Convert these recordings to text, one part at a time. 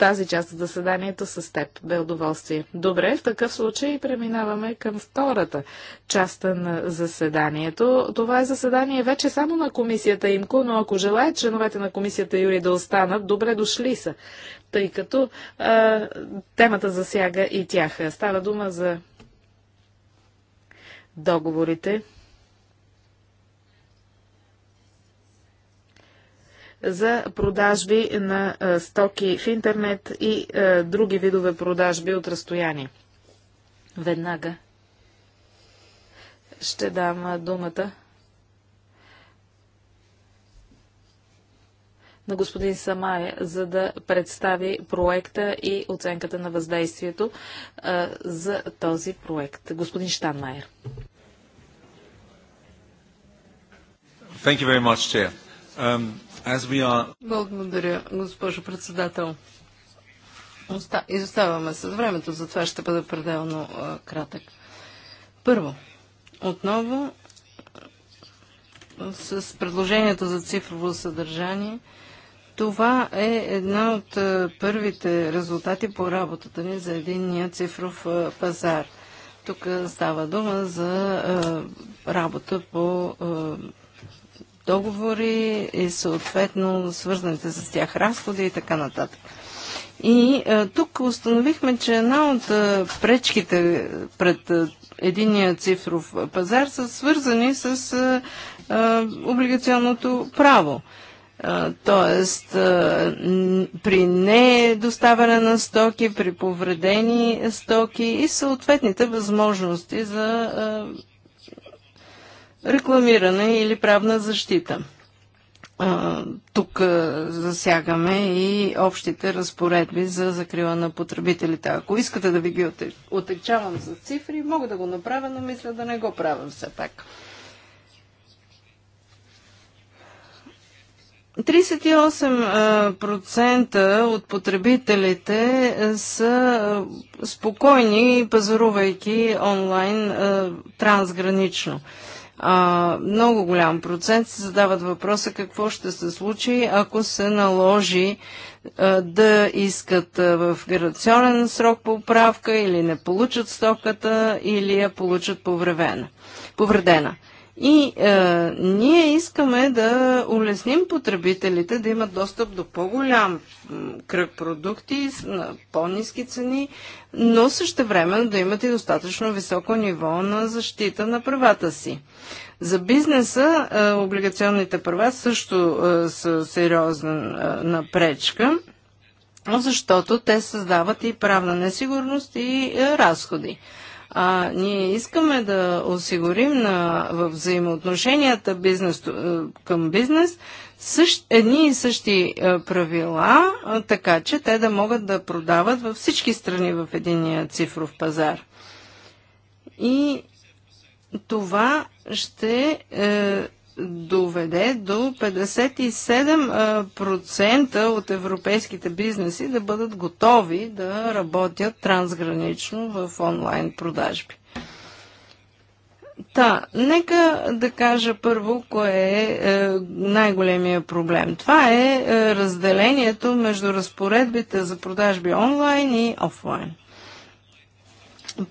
тази част от заседанието с теб. Бе удоволствие. Добре, в такъв случай преминаваме към втората част на заседанието. Това е заседание вече само на комисията ИМКО, но ако желаят членовете на комисията Юри да останат, добре дошли са, тъй като а, темата засяга и тях. Става дума за договорите за продажби на стоки в интернет и други видове продажби от разстояние. Веднага ще дам думата на господин Самая, за да представи проекта и оценката на въздействието за този проект. Господин Штанмайер. Thank you very much, Chair. Um, благодаря, госпожо председател. Изоставаме с времето, затова ще бъда пределно кратък. Първо, отново с предложението за цифрово съдържание, това е една от първите резултати по работата ни за единния цифров пазар. Тук става дума за работа по договори и съответно свързаните с тях разходи и така нататък. И а, е, тук установихме, че една от а, е, пречките пред а, е, единия цифров пазар са свързани с а, а, облигационното право. Тоест, при недоставяне на стоки, при повредени стоки и съответните възможности за рекламиране или правна защита. Тук засягаме и общите разпоредби за закрила на потребителите. Ако искате да ви ги отекчавам за цифри, мога да го направя, но мисля да не го правя все пак. 38% от потребителите са спокойни, пазарувайки онлайн трансгранично а, много голям процент се задават въпроса какво ще се случи, ако се наложи а, да искат а, в гарационен срок поправка или не получат стоката или я получат повредена. повредена. И е, ние искаме да улесним потребителите да имат достъп до по-голям кръг продукти на по-низки цени, но също време да имат и достатъчно високо ниво на защита на правата си. За бизнеса е, облигационните права също е, са сериозна е, напречка, защото те създават и правна несигурност и е, разходи. А ние искаме да осигурим на, в взаимоотношенията бизнес, е, към бизнес същ, едни и същи е, правила, така че те да могат да продават във всички страни в единия цифров пазар. И това ще е, доведе до 57% от европейските бизнеси да бъдат готови да работят трансгранично в онлайн продажби. Та, нека да кажа първо кое е, е най-големия проблем. Това е, е разделението между разпоредбите за продажби онлайн и офлайн.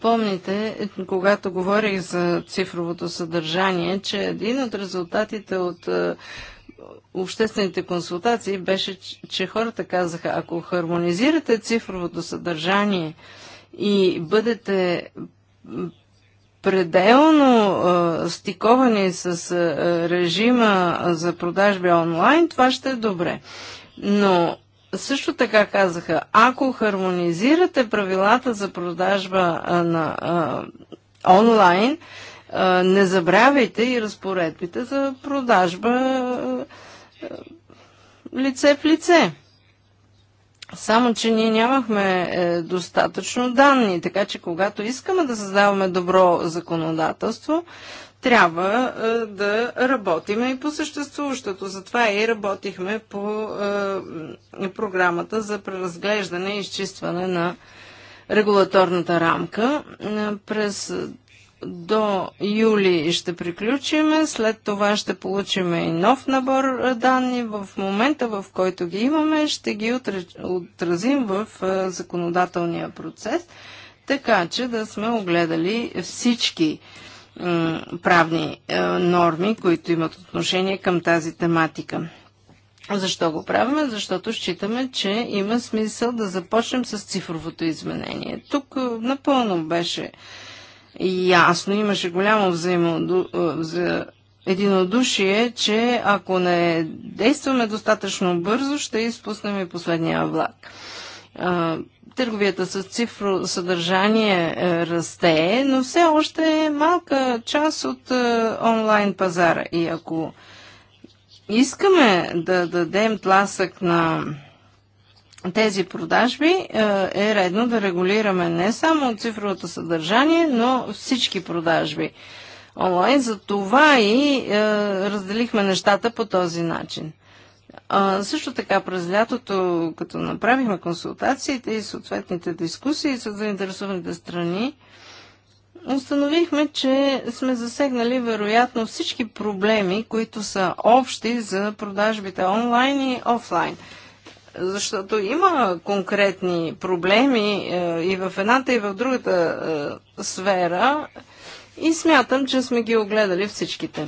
Помните, когато говорих за цифровото съдържание, че един от резултатите от е, обществените консултации беше, че хората казаха, ако хармонизирате цифровото съдържание и бъдете пределно а, е, стиковани с а, е, режима за продажби онлайн, това ще е добре. Но също така казаха, ако хармонизирате правилата за продажба а, на а, онлайн, а, не забравяйте и разпоредбите за продажба а, лице в лице. Само, че ние нямахме е, достатъчно данни, така че когато искаме да създаваме добро законодателство, трябва е, да работиме и по съществуващото. Затова и работихме по е, програмата за преразглеждане и изчистване на регулаторната рамка. Е, през до юли ще приключиме, след това ще получим и нов набор данни. В момента, в който ги имаме, ще ги отразим в законодателния процес, така че да сме огледали всички правни е, норми, които имат отношение към тази тематика. Защо го правим? Защото считаме, че има смисъл да започнем с цифровото изменение. Тук е, напълно беше ясно, имаше голямо взаимоду... Е, за единодушие, че ако не действаме достатъчно бързо, ще изпуснем и последния влак. Търговията с цифро съдържание е, расте, но все още е малка част от е, онлайн пазара. И ако искаме да дадем тласък на тези продажби е, е редно да регулираме не само цифровото съдържание, но всички продажби онлайн. За това и разделихме нещата по този начин. А, също така през лятото, като направихме консултациите и съответните дискусии с заинтересованите страни, установихме, че сме засегнали вероятно всички проблеми, които са общи за продажбите онлайн и офлайн. Защото има конкретни проблеми е, и в едната, и в другата е, сфера и смятам, че сме ги огледали всичките.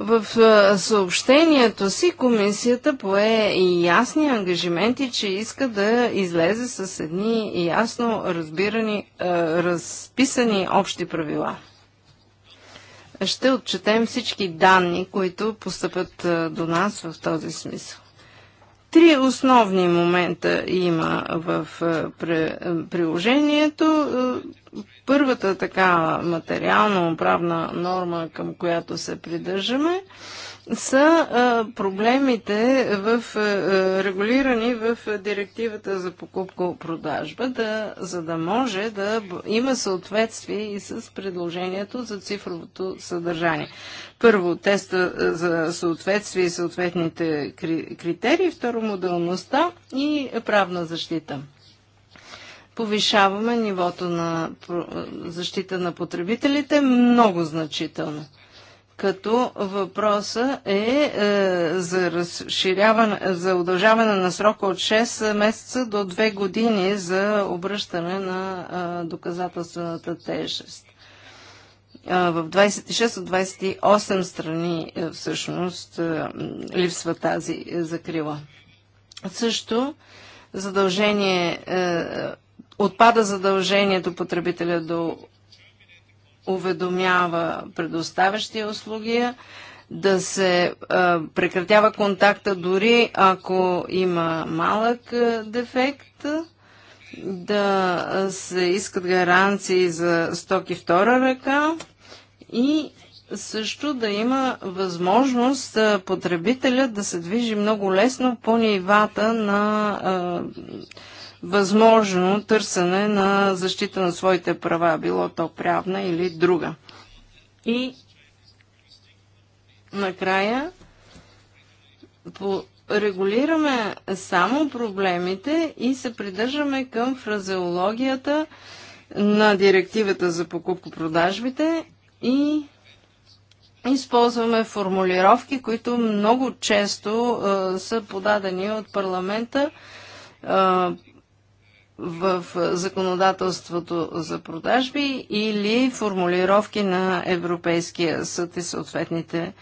В съобщението си комисията пое и ясни ангажименти, че иска да излезе с едни ясно разбирани, разписани общи правила. Ще отчетем всички данни, които постъпят до нас в този смисъл. Три основни момента има в е, е, приложението. Е, първата така материално-правна норма, към която се придържаме, са а, проблемите в, а, регулирани в директивата за покупко-продажба, да, за да може да има съответствие и с предложението за цифровото съдържание. Първо, теста за съответствие и съответните критерии, второ, моделността и правна защита повишаваме нивото на защита на потребителите много значително като въпроса е, е за, разширяване, за удължаване на срока от 6 месеца до 2 години за обръщане на е, доказателствената тежест. Е, в 26 от 28 страни всъщност е, липсва тази закрила. Също задължение, е, отпада задължението потребителя до уведомява предоставящия услуги, да се а, е, прекратява контакта дори ако има малък а, е, дефект, да се искат гаранции за стоки втора ръка и също да има възможност а, е, потребителя да се движи много лесно по нивата на а, възможно търсене на защита на своите права, било то правна или друга. И накрая регулираме само проблемите и се придържаме към фразеологията на директивата за покупко-продажбите и използваме формулировки, които много често са подадени от парламента в законодателството за продажби или формулировки на Европейския съд и съответните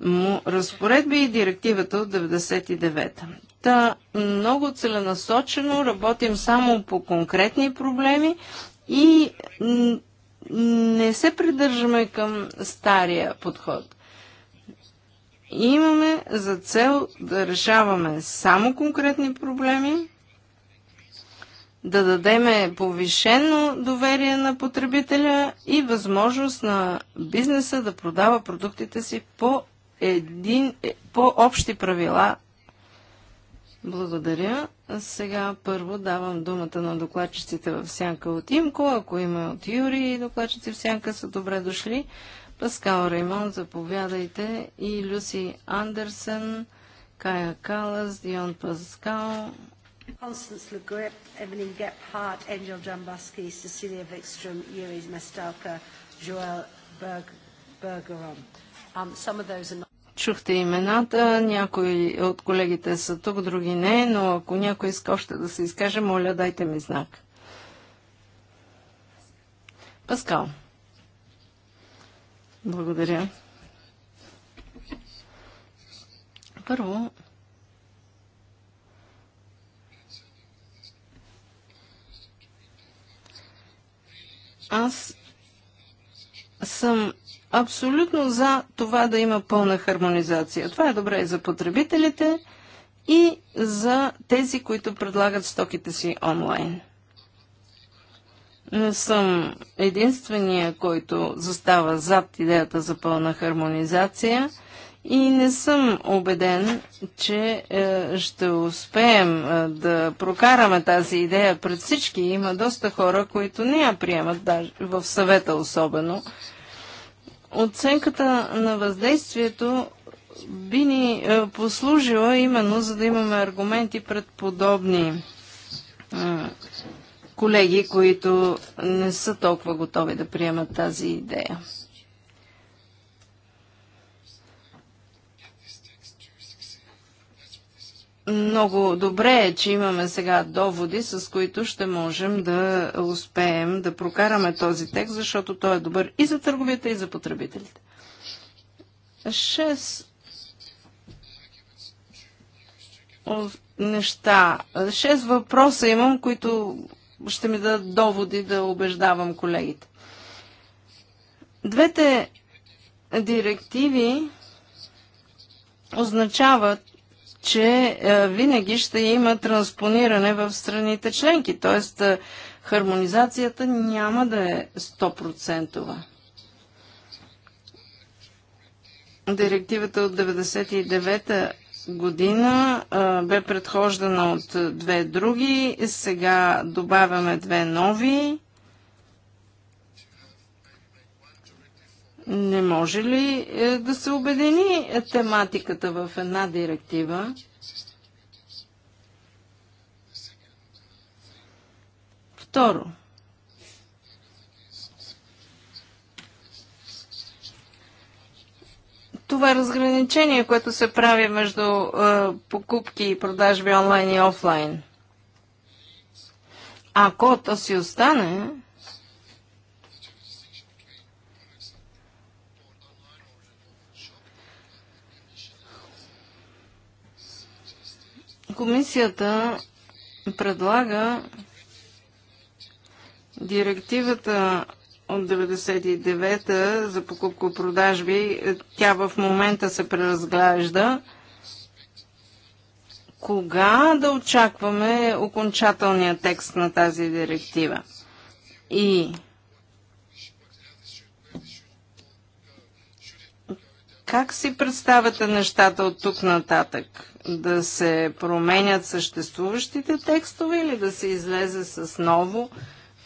му разпоредби и директивата от 99-та. Та много целенасочено работим само по конкретни проблеми и не се придържаме към стария подход. Имаме за цел да решаваме само конкретни проблеми, да дадеме повишено доверие на потребителя и възможност на бизнеса да продава продуктите си по, един, по общи правила. Благодаря. Сега първо давам думата на докладчиците в сянка от Имко. Ако има от Юри и докладчици в сянка са добре дошли. Паскал Реймон, заповядайте. И Люси Андерсен, Кая Калас, Дион Паскал, Constance Le Grip, Evelyn Gephardt, Angel Jambusky, Cecilia Vikstrom, Yuri Mestalka, Joel Berg, Bergeron. Um, some of those are not... Чухте имената, някои от колегите са тук, други не, но ако някой иска още да се изкаже, моля, дайте ми знак. Паскал. Благодаря. Първо, Аз съм абсолютно за това да има пълна хармонизация. Това е добре и за потребителите, и за тези, които предлагат стоките си онлайн. Не съм единствения, който застава зад идеята за пълна хармонизация – и не съм убеден, че е, ще успеем е, да прокараме тази идея пред всички. Има доста хора, които не я приемат, даже в съвета особено. Оценката на въздействието би ни е, послужила именно за да имаме аргументи пред подобни колеги, които не са толкова готови да приемат тази идея. много добре е, че имаме сега доводи, с които ще можем да успеем да прокараме този текст, защото той е добър и за търговията, и за потребителите. Шест неща. Шест въпроса имам, които ще ми дадат доводи да убеждавам колегите. Двете директиви означават, че е, винаги ще има транспониране в страните членки, т.е. хармонизацията няма да е 100%. Директивата от 99-та година е, бе предхождана от две други. Сега добавяме две нови. Не може ли е, да се обедини тематиката в една директива? Второ. Това е разграничение, което се прави между е, покупки и продажби онлайн и офлайн. Ако то си остане, комисията предлага директивата от 99-та за покупко-продажби, тя в момента се преразглежда. Кога да очакваме окончателния текст на тази директива? И как си представяте нещата от тук нататък? да се променят съществуващите текстове или да се излезе с ново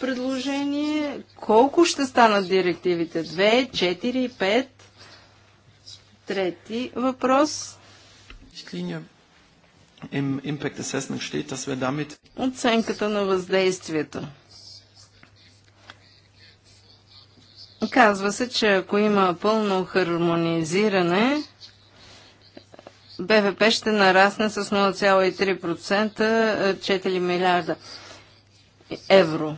предложение? Колко ще станат директивите? 2, 4, 5? Трети въпрос. Оценката на въздействието. Казва се, че ако има пълно хармонизиране, БВП ще нарасне с 0,3%, 4 е, милиарда евро.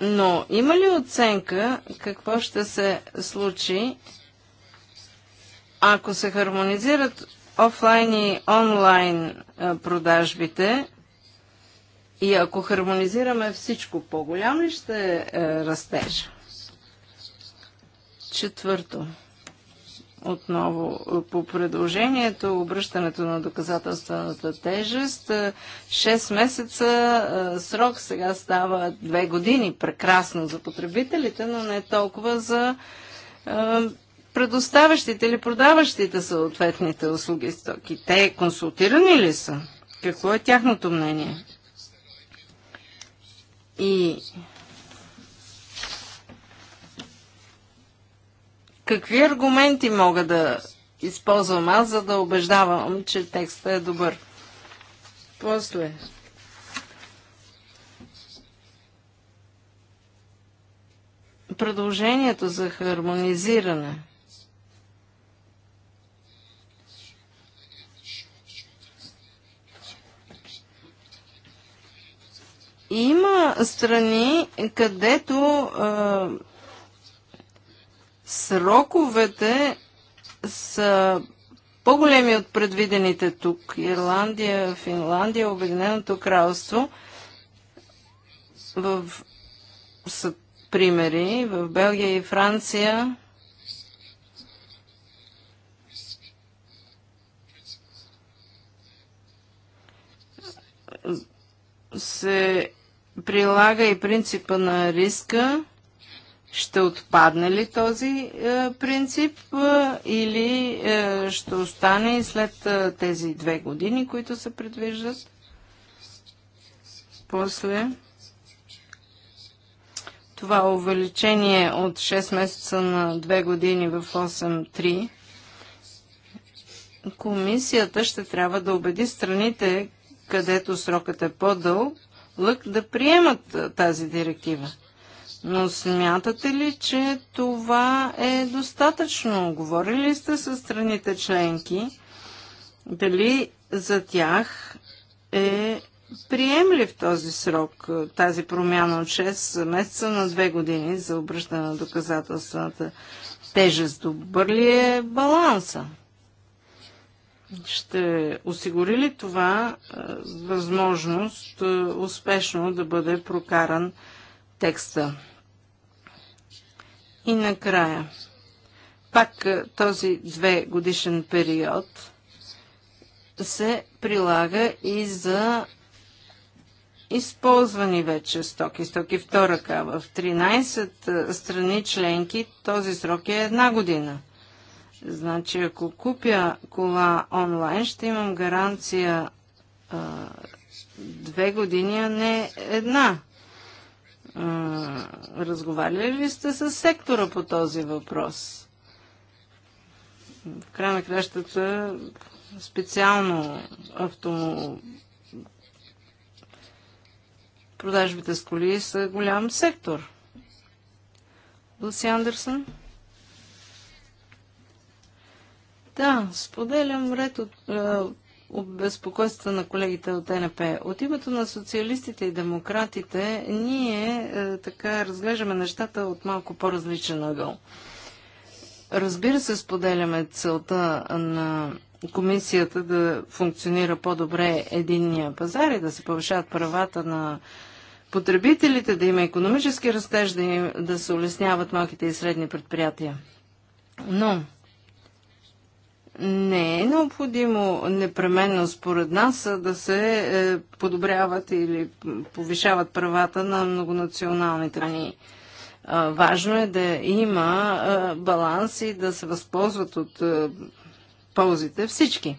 Но има ли оценка какво ще се случи, ако се хармонизират офлайн и онлайн е, продажбите и ако хармонизираме всичко, по-голям ли ще е растеж? Четвърто отново е, по предложението, обръщането на доказателствената тежест. 6 е, месеца е, срок сега става 2 години. Прекрасно за потребителите, но не толкова за предоставящите или продаващите съответните услуги и стоки. Те консултирани ли са? Какво е тяхното мнение? И Какви аргументи мога да използвам аз, за да убеждавам, че текстът е добър? После. Предложението за хармонизиране. Има страни, където сроковете са по-големи от предвидените тук. Ирландия, Финландия, Обединеното кралство в, са примери. В Белгия и Франция се прилага и принципа на риска ще отпадне ли този е, принцип е, или е, ще остане и след е, тези две години, които се предвиждат? После това увеличение от 6 месеца на 2 години в 8-3, комисията ще трябва да убеди страните, където срокът е по дълг да приемат е, тази директива. Но смятате ли, че това е достатъчно? Говорили сте с страните членки? Дали за тях е приемлив този срок, тази промяна от 6 месеца на 2 години за обръщане на доказателствената тежест? Добър ли е баланса? Ще осигури ли това е, възможност е, успешно да бъде прокаран текста? И накрая, пак е, този две годишен период се прилага и за използвани вече стоки, стоки втора кава. В 13 е, страни членки този срок е една година. Значи, ако купя кола онлайн, ще имам гаранция а, е, две години, а не една разговаряли ли сте с сектора по този въпрос? В края на кращата специално автомо... продажбите с коли са голям сектор. Луси Андерсън? Да, споделям ред от, безпокойства на колегите от НП. От името на социалистите и демократите ние е, така разглеждаме нещата от малко по-различен ъгъл. Разбира се, споделяме целта на комисията да функционира по-добре единния пазар и да се повишават правата на потребителите, да има економически растеж, да, им, да се улесняват малките и средни предприятия. Но не е необходимо непременно според нас да се е, подобряват или повишават правата на многонационалните страни. Е, важно е да има е, баланс и да се възползват от ползите всички.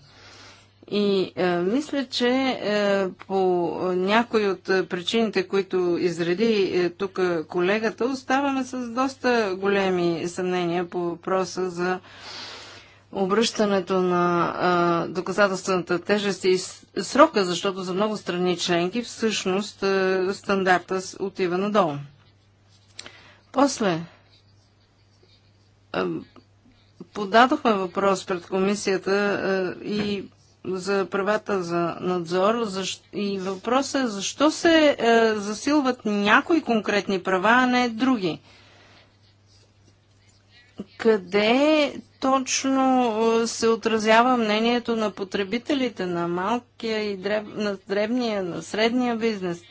И е, мисля, че е, по някои от причините, които изреди е, тук колегата, оставаме с доста големи съмнения по въпроса за е, обръщането на а, доказателствената тежест и срока, защото за много страни членки всъщност а, стандарта отива надолу. После а, подадохме въпрос пред комисията а, и за правата за надзор защ... и въпросът е защо се а, засилват някои конкретни права, а не други. А, къде точно се отразява мнението на потребителите, на малкия и дреб, на дребния, на средния бизнес?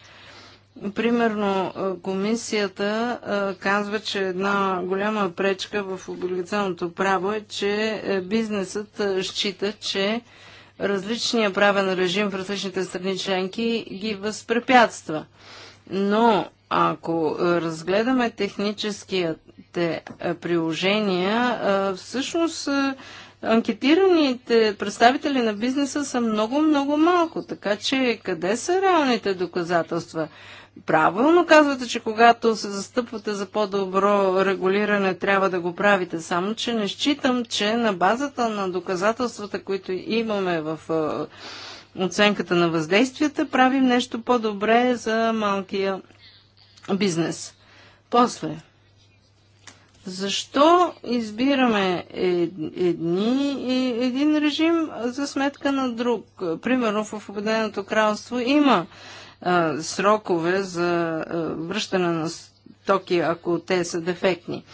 Примерно, комисията казва, че една голяма пречка в облигационното право е, че е, бизнесът счита, че различния правен режим в различните страни членки ги възпрепятства. Но ако разгледаме техническия мобилните приложения, всъщност анкетираните представители на бизнеса са много-много малко, така че къде са реалните доказателства? Правилно казвате, че когато се застъпвате за по-добро регулиране, трябва да го правите. Само, че не считам, че на базата на доказателствата, които имаме в оценката на въздействията, правим нещо по-добре за малкия бизнес. После, защо избираме едни, един режим за сметка на друг? Примерно в Обединеното кралство има а, срокове за а, връщане на токи, ако те са дефектни.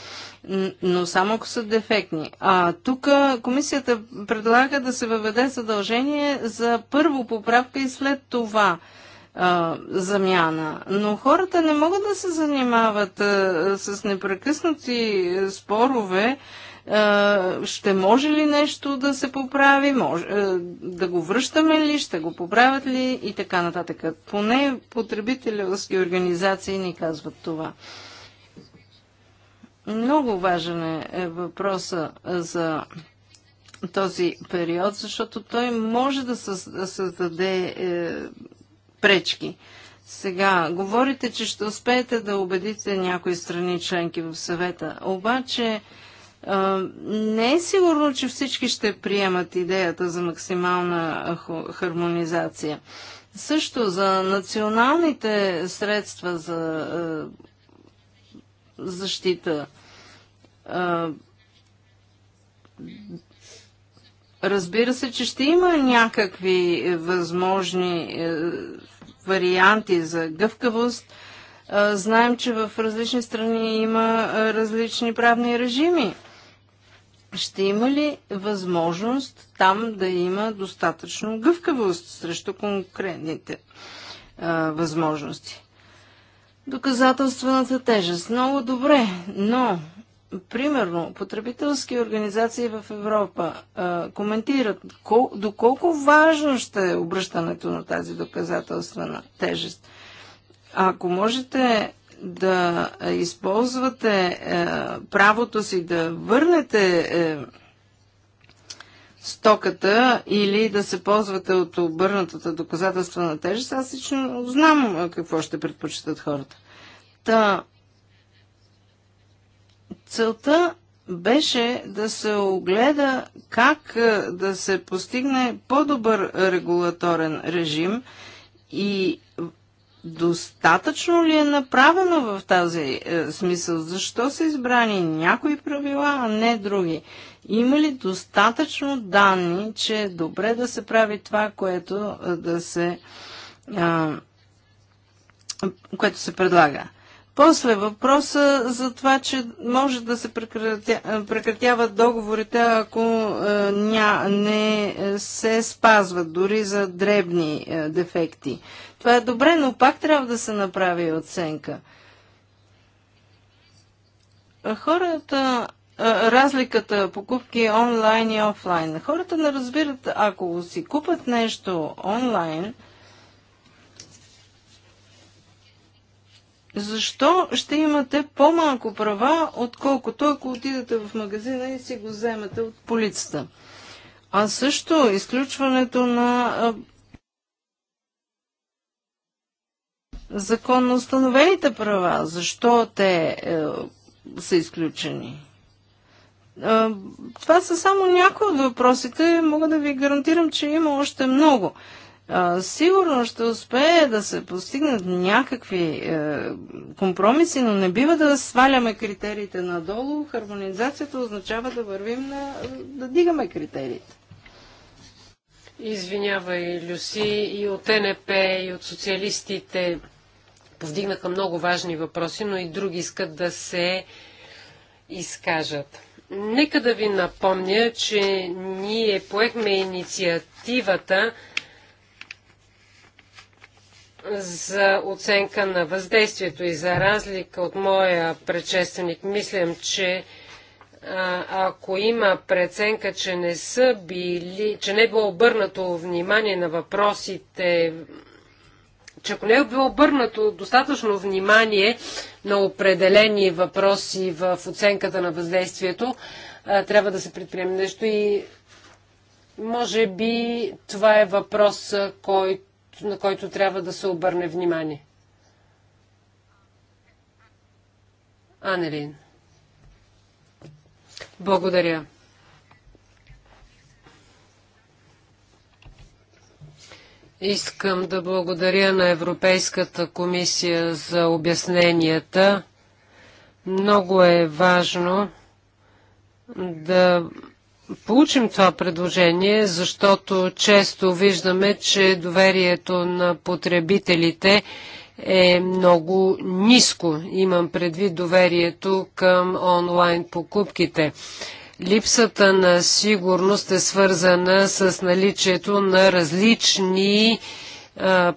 Но само ако са дефектни. А тук комисията предлага да се въведе задължение за първо поправка и след това замяна. Но хората не могат да се занимават а, с непрекъснати спорове. А, ще може ли нещо да се поправи? Може, а, да го връщаме ли? Ще го поправят ли? И така нататък. Поне потребителски организации ни казват това. Много важен е, е въпроса за този период, защото той може да създаде е, пречки. Сега, говорите, че ще успеете да убедите някои страни членки в съвета, обаче не е сигурно, че всички ще приемат идеята за максимална хармонизация. Също за националните средства за защита Разбира се, че ще има някакви е, възможни е, варианти за гъвкавост. Е, знаем, че в различни страни има различни правни режими. Ще има ли възможност там да има достатъчно гъвкавост срещу конкретните възможности? Доказателствената тежест. Много добре, но примерно, потребителски организации в Европа а, коментират кол, доколко важно ще е обръщането на тази доказателствена тежест. Ако можете да използвате е, правото си да върнете е, стоката или да се ползвате от обърнатата доказателствена тежест, аз лично знам какво ще предпочитат хората. Та, Целта беше да се огледа как е, да се постигне по-добър регулаторен режим и достатъчно ли е направено в тази е, смисъл? Защо са избрани някои правила, а не други? Има ли достатъчно данни, че е добре да се прави това, което е, да се, което се предлага? После въпроса за това, че може да се прекратя, прекратяват договорите, ако е, ня, не се спазват дори за дребни е, дефекти. Това е добре, но пак трябва да се направи оценка. Хората е, разликата покупки онлайн и офлайн. Хората не разбират, ако си купат нещо онлайн – защо ще имате по-малко права, отколкото ако отидете в магазина и си го вземете от полицата. А също изключването на законно установените права, защо те е, са изключени. Е, това са само някои от въпросите. Мога да ви гарантирам, че има още много сигурно ще успее да се постигнат някакви е, компромиси, но не бива да сваляме критериите надолу. Хармонизацията означава да вървим на, да дигаме критериите. Извинявай, Люси, и от НП, и от социалистите повдигнаха много важни въпроси, но и други искат да се изкажат. Нека да ви напомня, че ние поехме инициативата за оценка на въздействието и за разлика от моя предшественик, мислям, че а, ако има преценка, че не са били, че не е било обърнато внимание на въпросите, че ако не е било обърнато достатъчно внимание на определени въпроси в оценката на въздействието, а, трябва да се предприеме нещо и може би това е въпрос, който на който трябва да се обърне внимание. Анелин. Благодаря. Искам да благодаря на Европейската комисия за обясненията. Много е важно да получим това предложение, защото често виждаме, че доверието на потребителите е много ниско. Имам предвид доверието към онлайн покупките. Липсата на сигурност е свързана с наличието на различни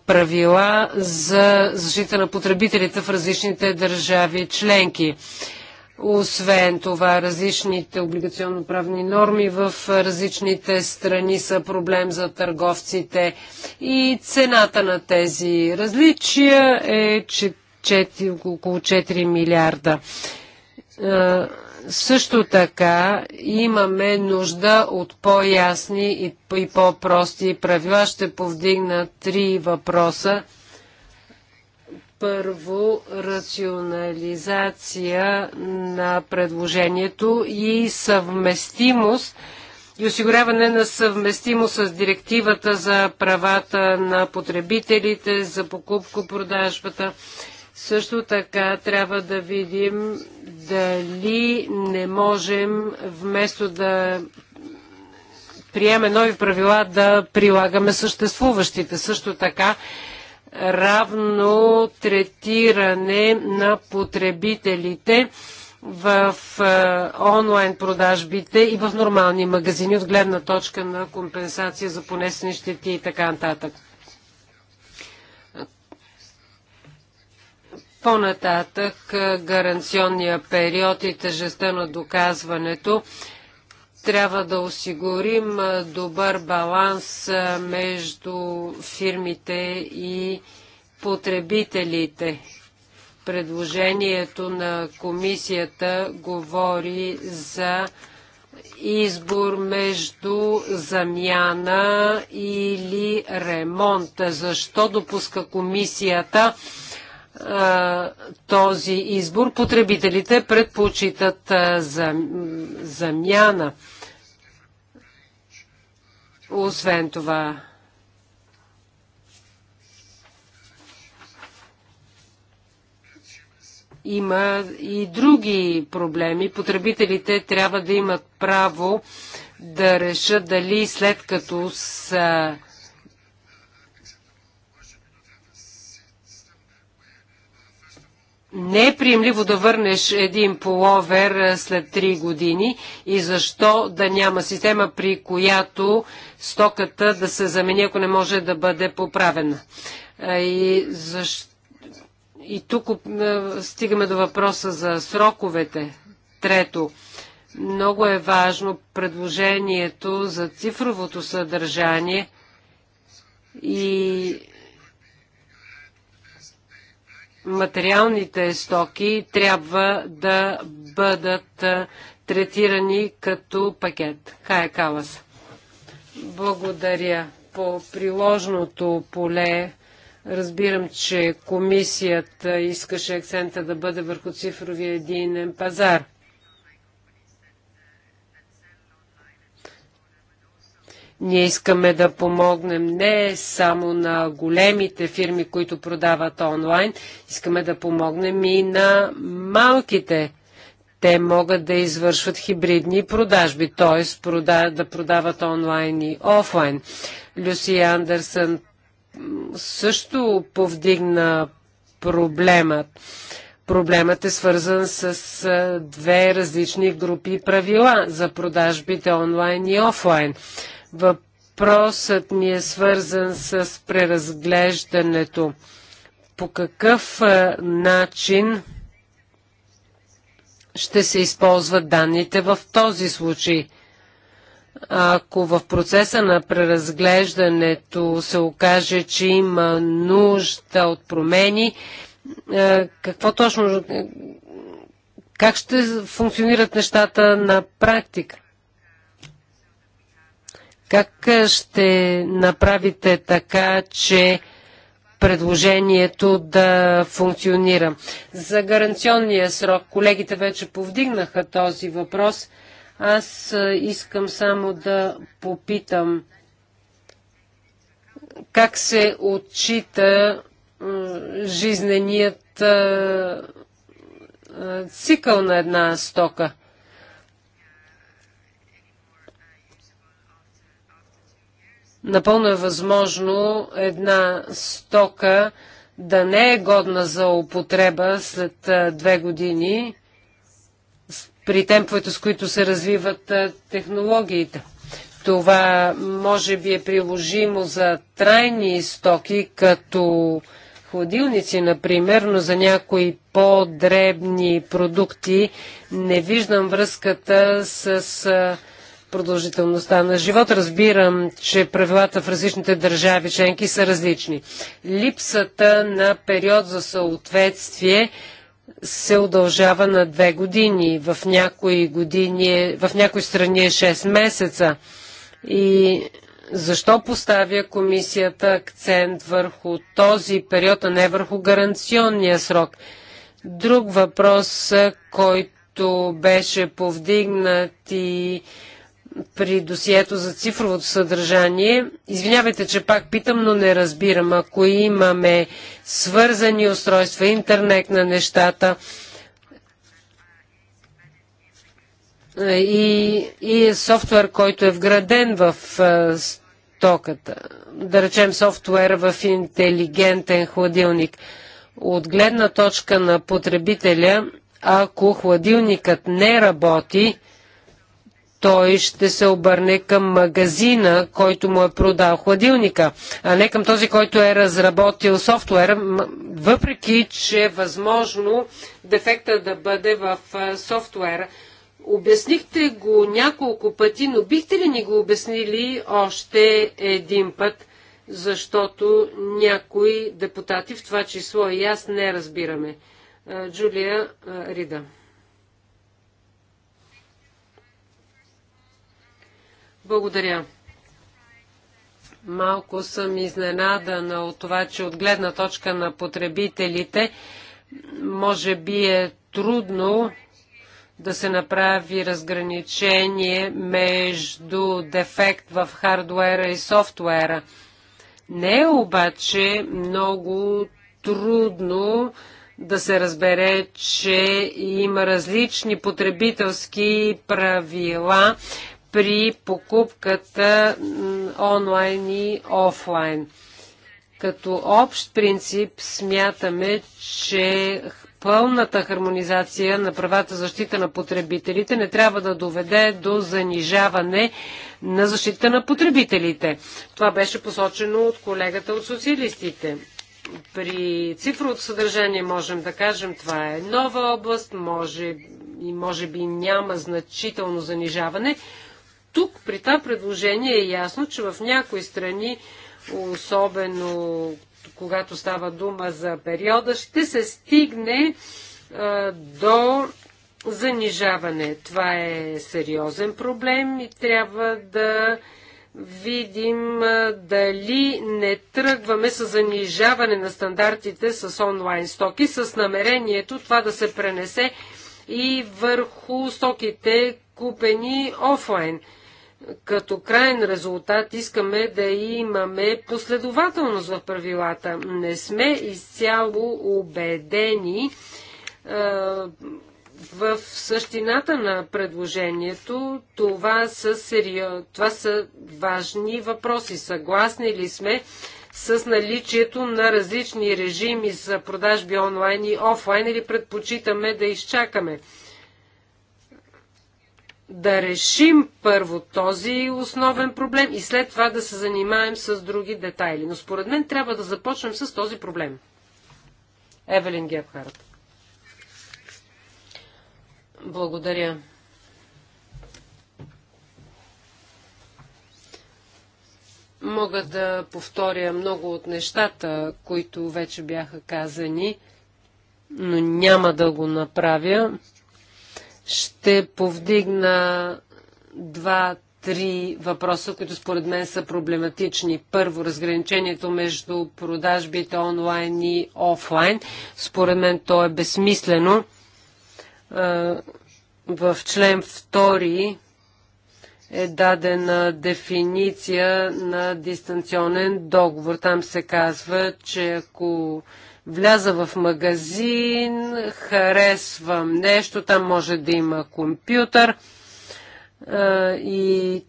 правила за защита на потребителите в различните държави членки. Освен това, различните облигационно-правни норми в различните страни са проблем за търговците и цената на тези различия е 4, около 4 милиарда. Също така имаме нужда от по-ясни и по-прости правила. Ще повдигна три въпроса. Първо, рационализация на предложението и съвместимост и осигуряване на съвместимост с директивата за правата на потребителите, за покупко-продажбата. Също така трябва да видим дали не можем вместо да приеме нови правила да прилагаме съществуващите. Също така равно третиране на потребителите в е, онлайн продажбите и в нормални магазини от гледна точка на компенсация за понесени щети и така нататък. По-нататък е, гаранционния период и тежестта на доказването трябва да осигурим добър баланс между фирмите и потребителите. Предложението на комисията говори за избор между замяна или ремонт. Защо допуска комисията? този избор, потребителите предпочитат за, замяна. Освен това, има и други проблеми. Потребителите трябва да имат право да решат дали след като са не е приемливо да върнеш един половер след 3 години и защо да няма система, при която стоката да се замени, ако не може да бъде поправена. И, защ... и тук стигаме до въпроса за сроковете. Трето, много е важно предложението за цифровото съдържание и материалните стоки трябва да бъдат третирани като пакет. Кая Калас. Благодаря. По приложното поле разбирам, че комисията искаше акцента да бъде върху цифровия единен пазар. Ние искаме да помогнем не само на големите фирми, които продават онлайн, искаме да помогнем и на малките. Те могат да извършват хибридни продажби, т.е. да продават онлайн и офлайн. Люси Андерсън също повдигна проблемът. Проблемът е свързан с две различни групи правила за продажбите онлайн и офлайн. Въпросът ми е свързан с преразглеждането. По какъв начин ще се използват данните в този случай? Ако в процеса на преразглеждането се окаже, че има нужда от промени, какво точно, как ще функционират нещата на практика? Как е, ще направите така, че предложението да функционира? За гаранционния срок, колегите вече повдигнаха този въпрос. Аз е, искам само да попитам как се отчита жизненият е, цикъл на една стока. Напълно е възможно една стока да не е годна за употреба след две години при темповете, с които се развиват технологиите. Това може би е приложимо за трайни стоки, като хладилници, например, но за някои по-дребни продукти не виждам връзката с продължителността на живот. Разбирам, че правилата в различните държави членки са различни. Липсата на период за съответствие се удължава на две години. В някои, години, е, в някои страни е 6 месеца. И защо поставя комисията акцент върху този период, а не върху гаранционния срок? Друг въпрос, който беше повдигнат и при досието за цифровото съдържание. Извинявайте, че пак питам, но не разбирам. Ако имаме свързани устройства, интернет на нещата и, и софтуер, който е вграден в стоката, да речем софтуер в интелигентен хладилник, от гледна точка на потребителя, ако хладилникът не работи, той ще се обърне към магазина, който му е продал хладилника, а не към този, който е разработил софтуера, въпреки че е възможно дефекта да бъде в софтуера. Обяснихте го няколко пъти, но бихте ли ни го обяснили още един път, защото някои депутати, в това число и аз, не разбираме. Джулия Рида. Благодаря. Малко съм изненадана от това, че от гледна точка на потребителите може би е трудно да се направи разграничение между дефект в хардуера и софтуера. Не е обаче много трудно да се разбере, че има различни потребителски правила при покупката онлайн и офлайн. Като общ принцип смятаме, че пълната хармонизация на правата защита на потребителите не трябва да доведе до занижаване на защита на потребителите. Това беше посочено от колегата от социалистите. При цифровото съдържание можем да кажем, това е нова област, може, и може би няма значително занижаване, тук при това предложение е ясно, че в някои страни, особено когато става дума за периода, ще се стигне а, до занижаване. Това е сериозен проблем и трябва да видим а, дали не тръгваме с занижаване на стандартите с онлайн стоки, с намерението това да се пренесе и върху стоките, купени офлайн. Като крайен резултат искаме да имаме последователност в правилата. Не сме изцяло убедени в същината на предложението това са, сериоз... това са важни въпроси. Съгласни ли сме с наличието на различни режими за продажби онлайн и офлайн или предпочитаме да изчакаме? да решим първо този основен проблем и след това да се занимаем с други детайли. Но според мен трябва да започнем с този проблем. Евелин Гебхарт. Благодаря. Мога да повторя много от нещата, които вече бяха казани, но няма да го направя. Ще повдигна два три въпроса, които според мен са проблематични. Първо, разграничението между продажбите онлайн и офлайн. Според мен то е безсмислено. В член 2 е дадена дефиниция на дистанционен договор. Там се казва, че ако вляза в магазин, харесвам нещо, там може да има компютър и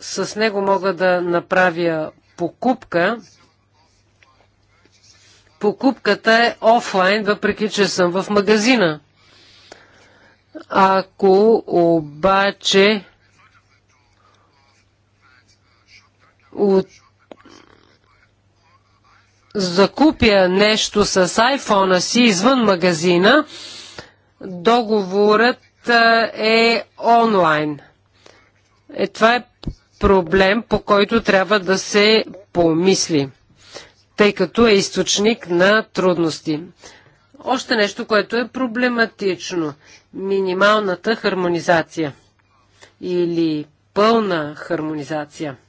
с него мога да направя покупка. Покупката е офлайн, въпреки че съм в магазина. Ако обаче от закупя нещо с iPhone-а си извън магазина, договорът е онлайн. Е, това е проблем, по който трябва да се помисли, тъй като е източник на трудности. Още нещо, което е проблематично – минималната хармонизация или пълна хармонизация –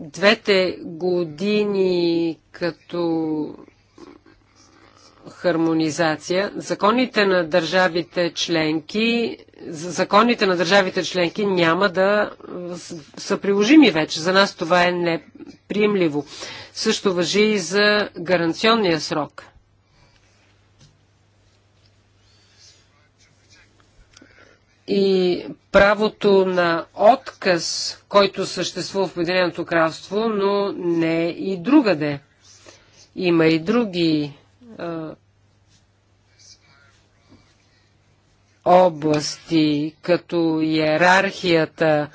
двете години като хармонизация, законите на държавите членки, законите на държавите членки няма да са приложими вече. За нас това е неприемливо. Също въжи и за гаранционния срок. и правото на отказ, който съществува в Поединеното кралство, но не и другаде. Има и други а, области, като иерархията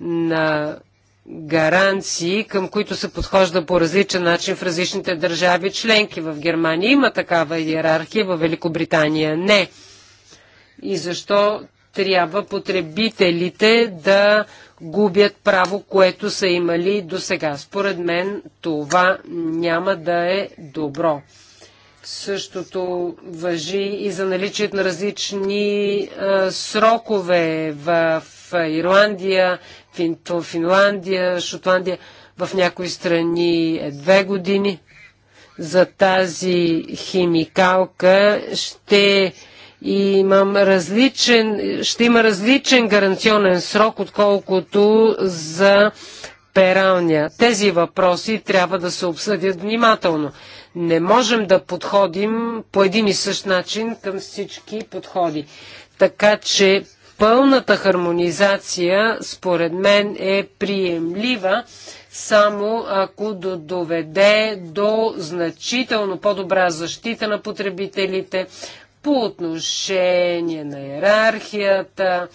на гаранции, към които се подхожда по различен начин в различните държави членки. В Германия има такава иерархия, в Великобритания не. И защо трябва потребителите да губят право, което са имали до сега. Според мен това няма да е добро. Същото въжи и за наличието на различни а, срокове в, в Ирландия, в Финландия, Шотландия. В някои страни е две години. За тази химикалка ще и имам различен, ще има различен гаранционен срок, отколкото за пералня. Тези въпроси трябва да се обсъдят внимателно. Не можем да подходим по един и същ начин към всички подходи. Така че пълната хармонизация, според мен, е приемлива, само ако доведе до значително по-добра защита на потребителите, по отношение на иерархията,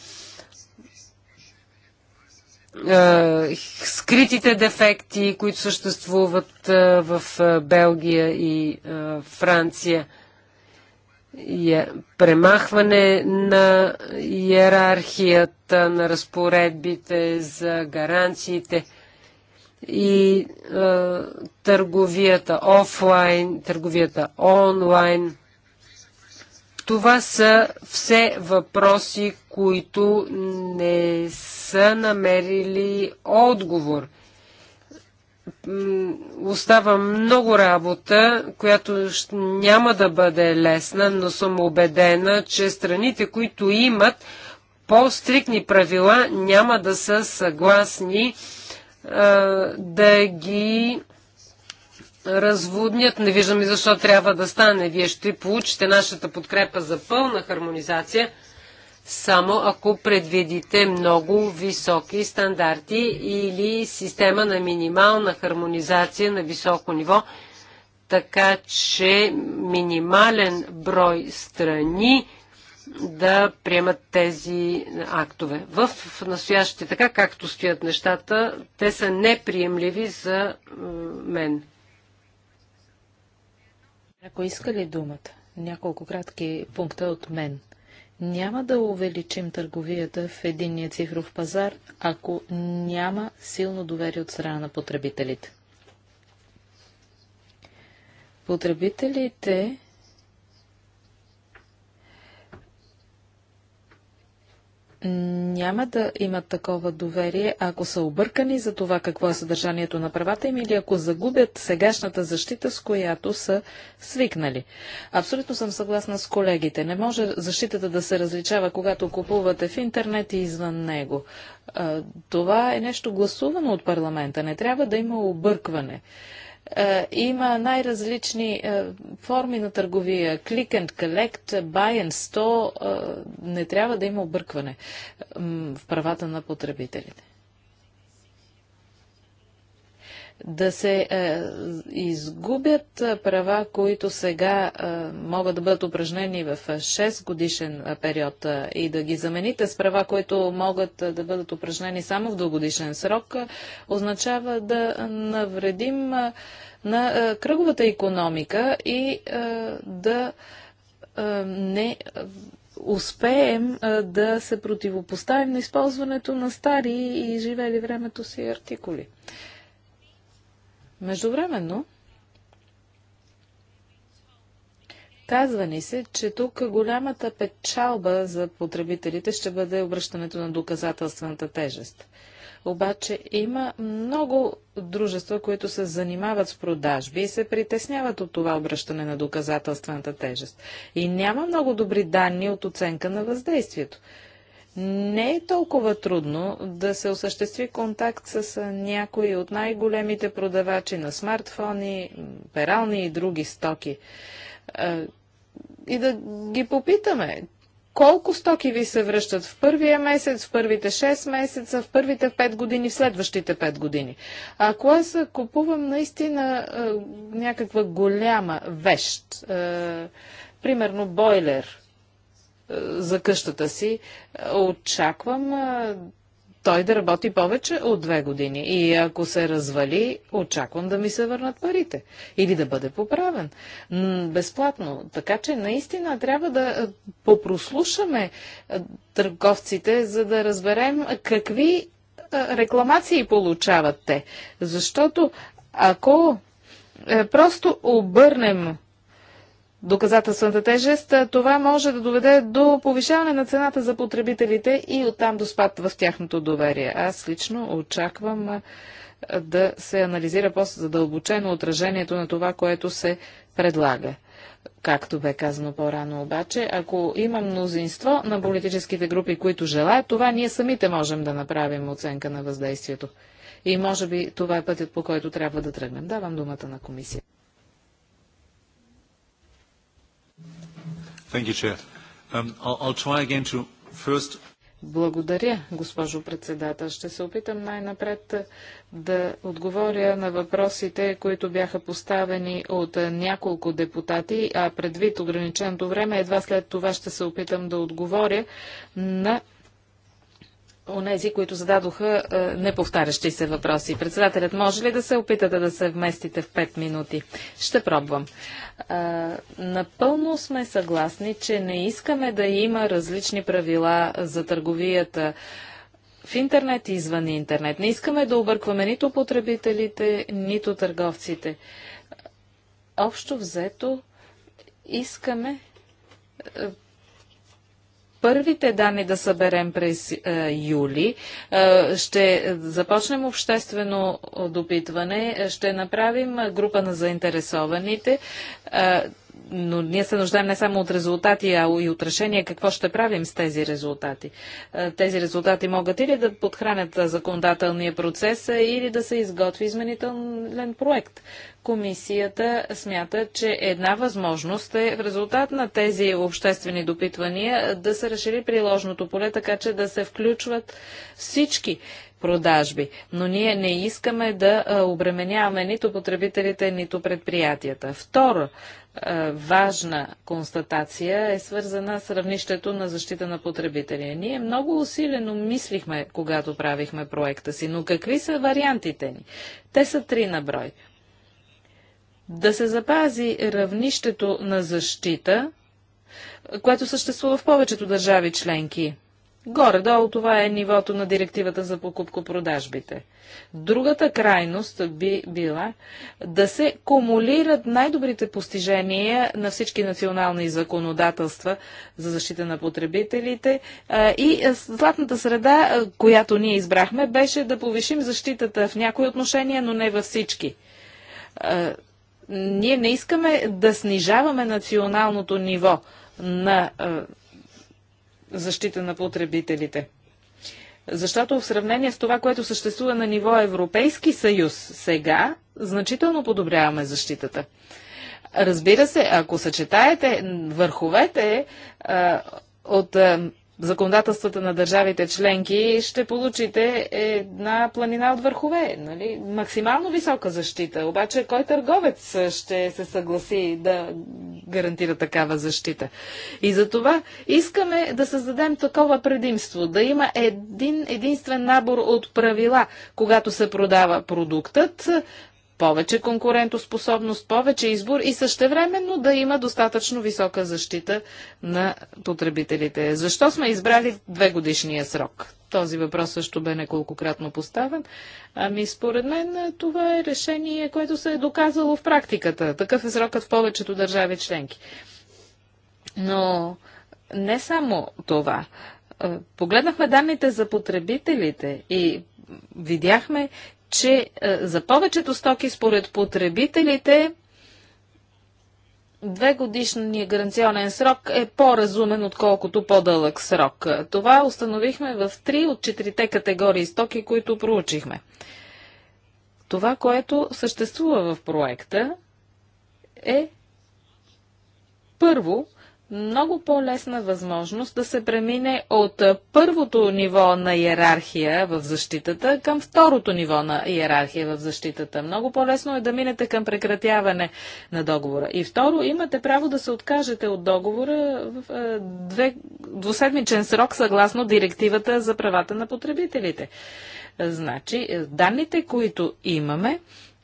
скритите дефекти, които съществуват в Белгия и Франция, премахване на иерархията, на разпоредбите за гаранциите и търговията офлайн, търговията онлайн – това са все въпроси, които не са намерили отговор. Остава много работа, която няма да бъде лесна, но съм убедена, че страните, които имат по-стрикни правила, няма да са съгласни а, да ги разводнят. Не виждаме защо трябва да стане. Вие ще получите нашата подкрепа за пълна хармонизация, само ако предвидите много високи стандарти или система на минимална хармонизация на високо ниво, така че минимален брой страни да приемат тези актове. В настоящите, така както стоят нещата, те са неприемливи за мен. Ако искали думата, няколко кратки пункта от мен. Няма да увеличим търговията в единния цифров пазар, ако няма силно доверие от страна на потребителите. Потребителите няма да имат такова доверие, ако са объркани за това какво е съдържанието на правата им или ако загубят сегашната защита, с която са свикнали. Абсолютно съм съгласна с колегите. Не може защитата да се различава, когато купувате в интернет и извън него. Това е нещо гласувано от парламента. Не трябва да има объркване. Е, има най-различни е, форми на търговия. Click and collect, buy and store. Е, не трябва да има объркване в правата на потребителите. да се е, изгубят е, права, които сега е, могат да бъдат упражнени в 6 е, годишен е, период е, и да ги замените с права, които могат да бъдат упражнени само в двугодишен срок, означава да навредим на кръговата економика и да не успеем да се противопоставим на използването на стари и живели времето си артикули. Междувременно, Казва ни се, че тук голямата печалба за потребителите ще бъде обръщането на доказателствената тежест. Обаче има много дружества, които се занимават с продажби и се притесняват от това обръщане на доказателствената тежест. И няма много добри данни от оценка на въздействието не е толкова трудно да се осъществи контакт с някои от най-големите продавачи на смартфони, перални и други стоки. И да ги попитаме, колко стоки ви се връщат в първия месец, в първите 6 месеца, в първите 5 години, в следващите 5 години. А ако аз купувам наистина някаква голяма вещ, примерно бойлер, за къщата си, очаквам той да работи повече от две години. И ако се развали, очаквам да ми се върнат парите. Или да бъде поправен. Безплатно. Така че наистина трябва да попрослушаме търговците, за да разберем какви рекламации получават те. Защото ако е, просто обърнем доказателствената тежест, това може да доведе до повишаване на цената за потребителите и оттам до спад в тяхното доверие. Аз лично очаквам да се анализира по-задълбочено отражението на това, което се предлага. Както бе казано по-рано обаче, ако има мнозинство на политическите групи, които желаят това, ние самите можем да направим оценка на въздействието. И може би това е пътят, по който трябва да тръгнем. Давам думата на комисия. Um, благодаря, госпожо председател. Ще се опитам най-напред да отговоря на въпросите, които бяха поставени от няколко депутати, а предвид ограниченото време, едва след това ще се опитам да отговоря на онези, които зададоха е, неповтарящи се въпроси. Председателят, може ли да се опитате да се вместите в 5 минути? Ще пробвам. Е, напълно сме съгласни, че не искаме да има различни правила за търговията в интернет и извън интернет. Не искаме да объркваме нито потребителите, нито търговците. Общо взето искаме е, първите данни да съберем през е, юли. Е, ще започнем обществено допитване, ще направим група на заинтересованите. Е, но ние се нуждаем не само от резултати, а и от решение какво ще правим с тези резултати. Е, тези резултати могат или да подхранят законодателния процес, е, или да се изготви изменителен проект. Комисията смята, че една възможност е в резултат на тези обществени допитвания да се разшири приложното поле, така че да се включват всички продажби, но ние не искаме да е, обременяваме нито потребителите, нито предприятията. Второ, важна констатация е свързана с равнището на защита на потребителя. Ние много усилено мислихме, когато правихме проекта си, но какви са вариантите ни? Те са три на брой. Да се запази равнището на защита, което съществува в повечето държави членки – Горе-долу това е нивото на директивата за покупко-продажбите. Другата крайност би била да се кумулират най-добрите постижения на всички национални законодателства за защита на потребителите и златната среда, която ние избрахме, беше да повишим защитата в някои отношения, но не във всички ние не искаме да снижаваме националното ниво на защита на потребителите. Защото в сравнение с това, което съществува на ниво Европейски съюз сега, значително подобряваме защитата. Разбира се, ако съчетаете върховете а, от а, законодателствата на държавите членки, ще получите една планина от върхове. Нали? Максимално висока защита. Обаче кой търговец ще се съгласи да гарантира такава защита? И за това искаме да създадем такова предимство, да има един единствен набор от правила, когато се продава продуктът, повече конкурентоспособност, повече избор и същевременно да има достатъчно висока защита на потребителите. Защо сме избрали две годишния срок? Този въпрос също бе неколкократно поставен. Ами според мен това е решение, което се е доказало в практиката. Такъв е срокът в повечето държави членки. Но не само това. Е, погледнахме данните за потребителите и видяхме, че е, за повечето стоки според потребителите две годишния гаранционен срок е по-разумен, отколкото по-дълъг срок. Това установихме в три от четирите категории стоки, които проучихме. Това, което съществува в проекта е първо – много по-лесна възможност да се премине от първото ниво на иерархия в защитата към второто ниво на иерархия в защитата. Много по-лесно е да минете към прекратяване на договора. И второ, имате право да се откажете от договора в две, двуседмичен срок съгласно директивата за правата на потребителите. Значи, е, данните, които имаме,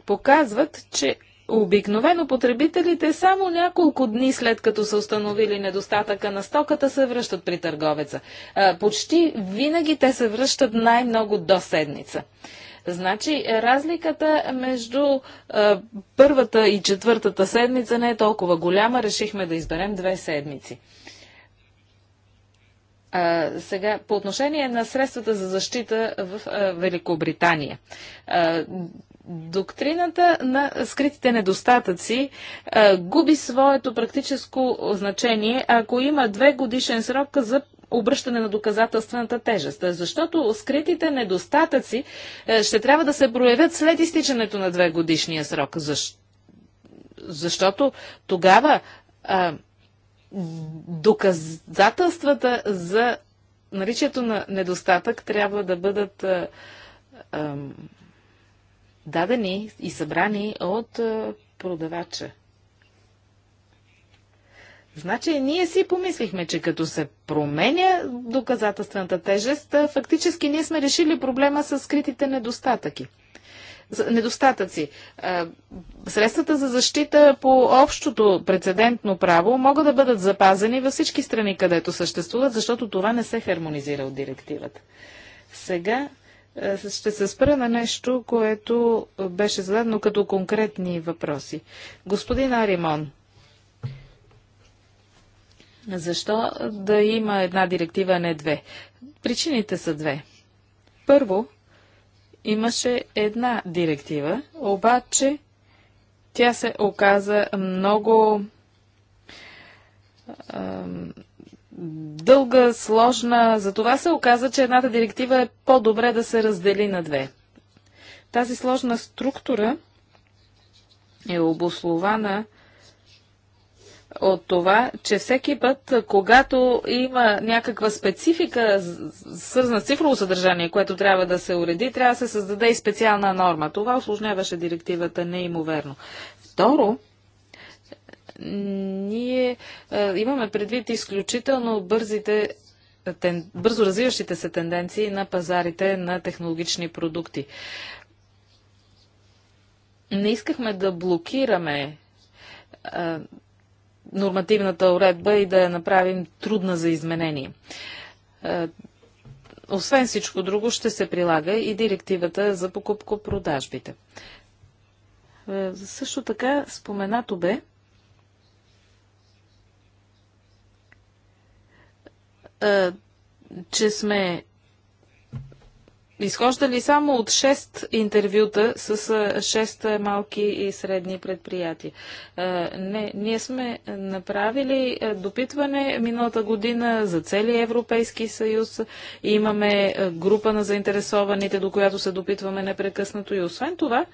показват, че Обикновено потребителите само няколко дни след като са установили недостатъка на стоката се връщат при търговеца. почти винаги те се връщат най-много до седмица. Значи разликата между а, първата и четвъртата седмица не е толкова голяма. Решихме да изберем две седмици. А, сега, по отношение на средствата за защита в а, Великобритания. А, Доктрината на скритите недостатъци а, е, губи своето практическо значение, ако има две годишен срок за обръщане на доказателствената тежест. Защото скритите недостатъци а, е, ще трябва да се проявят след изтичането на две годишния срок. Защ... Защото тогава а, е, доказателствата за наличието на недостатък трябва да бъдат. А, а, дадени и събрани от продавача. Значи ние си помислихме, че като се променя доказателствената тежест, фактически ние сме решили проблема с скритите недостатъки. Недостатъци. Средствата за защита по общото прецедентно право могат да бъдат запазени във всички страни, където съществуват, защото това не се хармонизира от директивата. Сега е, ще се спра на нещо, което беше зададено като конкретни въпроси. Господин Аримон, защо да има една директива, а не две? Причините са две. Първо, имаше една директива, обаче тя се оказа много дълга, сложна. Затова се оказа, че едната директива е по-добре да се раздели на две. Тази сложна структура е обослована от това, че всеки път, когато има някаква специфика, свързана с цифрово съдържание, което трябва да се уреди, трябва да се създаде и специална норма. Това осложняваше директивата неимоверно. Второ, ние е, имаме предвид изключително бързите е, тен, бързо развиващите се тенденции на пазарите на технологични продукти. Не искахме да блокираме е, нормативната уредба и да я направим трудна за изменение. освен всичко друго, ще се прилага и директивата за покупко-продажбите. Също така споменато бе, Е, че сме изхождали само от 6 интервюта с 6 е, малки и средни предприятия. Е, не, ние сме направили допитване миналата година за целия Европейски съюз. Имаме група на заинтересованите, до която се допитваме непрекъснато и освен това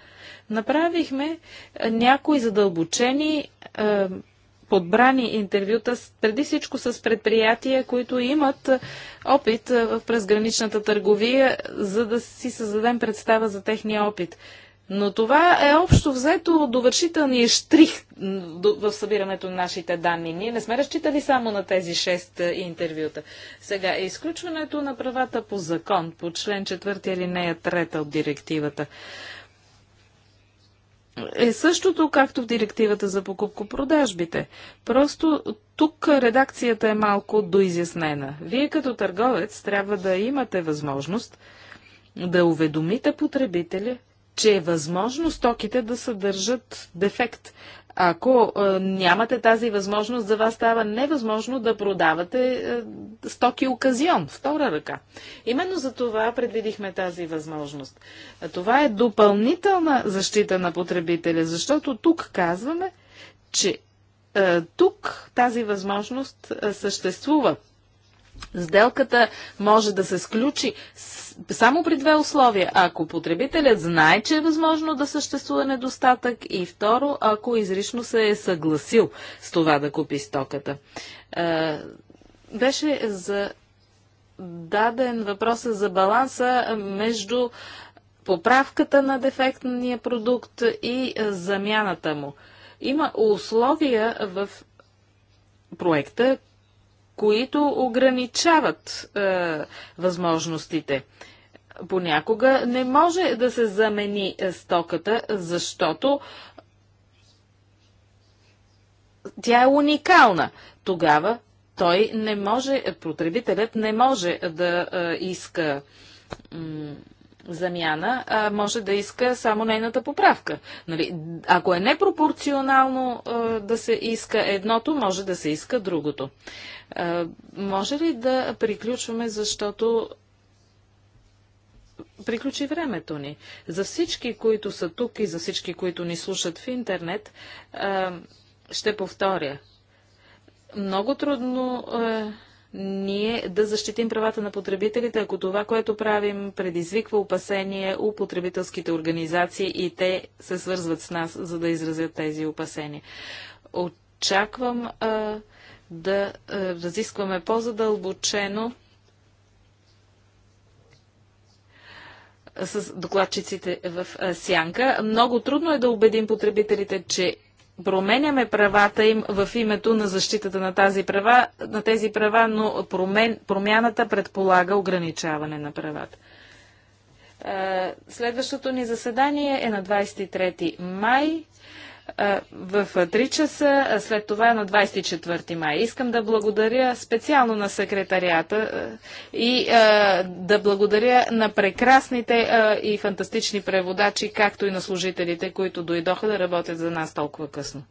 направихме някои задълбочени подбрани интервюта преди всичко с предприятия, които имат опит в презграничната търговия, за да си създадем представа за техния опит. Но това е общо взето довършителния штрих в събирането на нашите данни. Ние не сме разчитали само на тези 6 интервюта. Сега, изключването на правата по закон, по член 4 или нея 3 от директивата е същото, както в директивата за покупко-продажбите. Просто тук редакцията е малко доизяснена. Вие като търговец трябва да имате възможност да уведомите потребителя, че е възможно стоките да съдържат дефект. Ако е, нямате тази възможност, за вас става невъзможно да продавате е, стоки оказион, втора ръка. Именно за това предвидихме тази възможност. Е, това е допълнителна защита на потребителя, защото тук казваме, че тук тази възможност съществува. Сделката може да се сключи само при две условия. Ако потребителят знае, че е възможно да съществува недостатък и второ, ако изрично се е съгласил с това да купи стоката. беше за даден въпрос за баланса между поправката на дефектния продукт и замяната му. Има условия в проекта, които ограничават е, възможностите. Понякога не може да се замени е, стоката, защото тя е уникална. Тогава той не може, е, потребителят не може да е, иска замяна, а може да иска само нейната поправка. Нали? Ако е непропорционално а, да се иска едното, може да се иска другото. А, може ли да приключваме, защото приключи времето ни. За всички, които са тук и за всички, които ни слушат в интернет, а, ще повторя. Много трудно А, ние да защитим правата на потребителите, ако това, което правим, предизвиква опасение у потребителските организации и те се свързват с нас, за да изразят тези опасения. Очаквам а, да а, разискваме по-задълбочено с докладчиците в сянка. Много трудно е да убедим потребителите, че променяме правата им в името на защитата на, тази права, на тези права, но промен, промяната предполага ограничаване на правата. Е, следващото ни заседание е на 23 май в 3 часа, след това на 24 май. Искам да благодаря специално на секретарията и да благодаря на прекрасните и фантастични преводачи, както и на служителите, които дойдоха да работят за нас толкова късно.